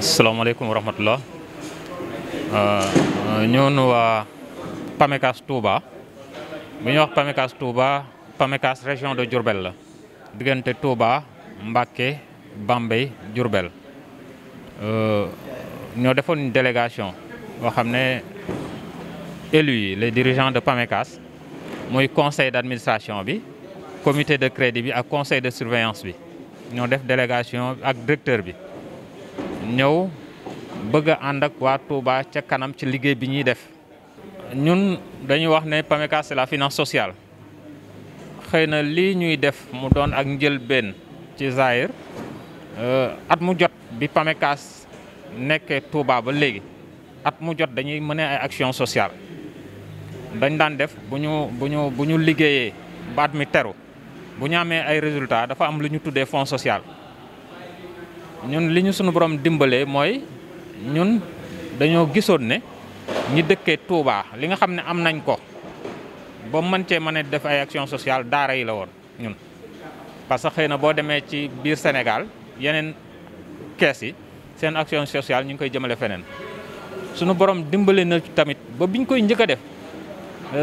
asalaamaaleykum wa rahmatullah euh, ñoon waa PAMECAS Touba bu ñuy wax PAMECAS Touba PAMECAS région de Diourbel la diggante Touba Mbacké Bambey Diourbel euh, ñoo defoon délégation boo xam ne élus yi les dirigeants de PAMECAS mooy conseil d'administration bi comité de crédit bi ak conseil de surveillance bi ñoo def délégation ak directeur bi ñëw bëgg a ànd ak waa Touba ca kanam ci liggéey bi ñuy def ñun dañuy wax ne PAMECAS c'est la finance sociale xëy na lii ñuy def mu doon ak njëlbeen ci Zahir euh, at mu jot bi PAMECAS nekkee Touba ba léegi at mu jot dañuy mëne ay action sociale dañ daan def bu ñu bu ñu bu ñu liggéeyee baat mi teru bu ñu amee ay résultats dafa am lu ñu tuddee fonds sociale ñun li ñu sunu borom dimbalee mooy ñun dañoo gisoon ne ñi dëkkee Touba li nga xam ne am nañ ko ba mën cee mën a def ay action sociale daara yi la woon ñun. parce que xëy na boo demee ci biir Sénégal yeneen kees yi seen action sociale ñu ngi koy jëmale feneen sunu borom dimbale na tamit ba biñ koy njëkk a def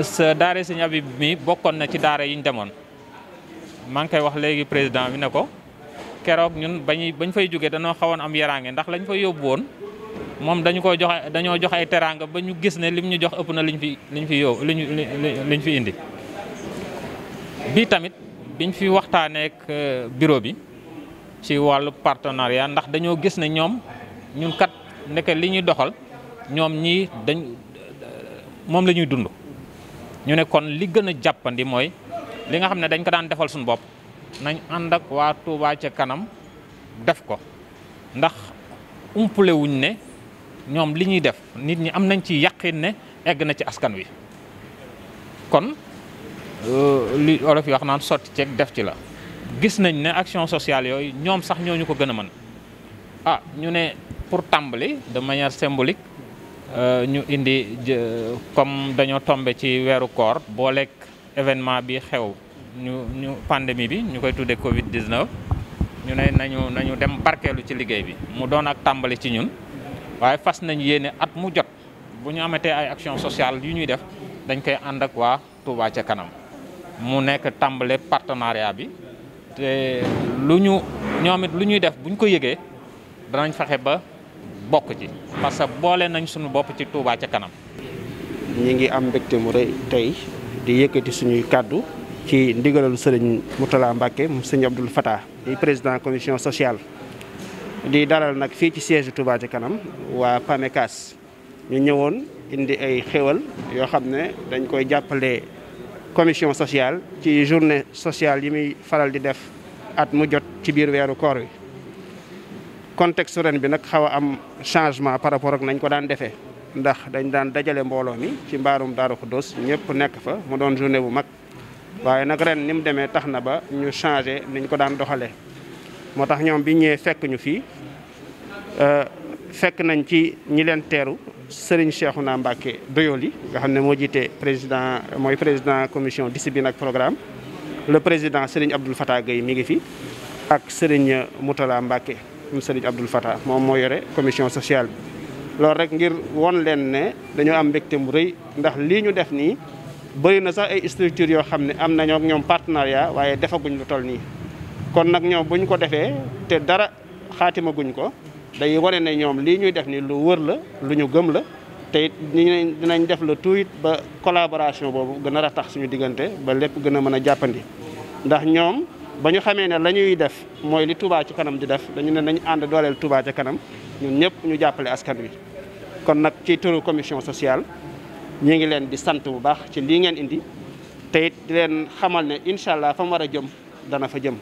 sa daara Sëñ Abib mi bokkoon na ci daara yi ñu demoon maa ngi koy wax léegi président bi ne ko. keroog ñun bañuy bañ fay jógee dañoo xawoon am yaraange ndax lañ fa yóbbu woon moom dañu ko joxe dañoo joxe ay teraanga ba ñu gis ne lim ñu jox ëpp na liñ fi liñ fi yóbbu liñ liñ fi indi bi tamit biñ fi waxtaaneek euh, bureau bi ci wàllu partenariat ndax dañoo gis ne ñoom ñun kat ndeke li ñuy doxal ñoom ñii dañ moom la ñuy dund ñu ne kon li gën a jàppandi mooy li nga xam ne dañ ko daan defal suñu bopp nañ ànd ak waa Touba ca kanam def ko ndax umpule wuñ ne ñoom li ñuy def nit ñi am nañ ci yàqin ne egg na ci askan wi kon euh, li olof yi wax naan sotti ceeg def ci la gis nañ ne action sociale yooyu ñoom sax ñooñu ko gën a mën ah ñu ne pour tàmbali de manière symbolique euh, ñu indi comme dañoo tombe ci weeru koor booleeg événement bi xew ñu ñu pandémie bi ñu koy tuddee Covid 19 ñu ne nañu nañu dem barkeelu ci liggéey bi mu doon ak tàmbali ci ñun waaye fas nañ yéene at mu jot bu ñu amatee ay action sociale yu ñuy def dañ koy ànd ak waa Touba ca kanam mu nekk tàmbale partenariat bi te lu ñu ñoom it lu ñuy def buñ ko yëgee danañ fexe ba bokk ci parce que boole nañ suñu bopp ci Touba ca kanam. ñi ngi am mbégte mu rëy tey di yëkkati suñuy kàddu. ci ndigalul sëriñ Mourtala Mbacke mu sëriñ Abdoul Fattah di président commission sociale di daral nag fii ci siège Touba ci kanam waa PAMECAS ñu ñëwoon indi ay xéwal yoo xam ne dañ koy jàppale commission sociale ci journée sociale yi muy faral di def at mu jot ci biir weeru koor wi contexte ren bi nag xaw a am changement par rapport ak nañ ko daan defee ndax dañ daan dajale mbooloo mi ci mbaarum Daaru Xuddoos ñëpp nekk fa mu doon journée bu mag waaye nag ren ni mu demee tax na ba ñu changé niñ ko daan doxalee moo tax ñoom bi ñëwee fekk ñu fii euh, fekk nañ ci ñi leen teeru Serigne Cheikhouna Mbacké Doyoli nga xam ne moo jiite président mooy président commission discipline ak programme le président Serigne Abdoul Fattah Gueye mi ngi fi ak Serigne Moutala Mbacké moom Serigne Abdoul Fattah moom moo yore commission sociale bi loolu rek ngir won leen ne dañoo am mbégte mu rëy ndax lii ñu def nii bëri na sax ay structures yoo xam ne am nañoo ak ñoom partenariat waaye defaguñ lu toll nii kon nag ñoom buñ ko defee te dara xaatima ko day wane ne ñoom lii ñuy def nii lu wër la lu ñu gëm la te it dinañ def la tuuti ba collaboration boobu gën a ratax suñu diggante ba lépp gën a mën a jàppandi ndax ñoom ba ñu xamee ne la ñuy def mooy li Touba ci kanam di def dañu ne nañu ànd dooleel Touba ca kanam ñun ñëpp ñu jàppale askan wi kon nag ci turu commission sociale ñu ngi leen di sant bu baax ci lii ngeen indi tey di leen xamal ne incha allah fa war a jëm dana fa jëm.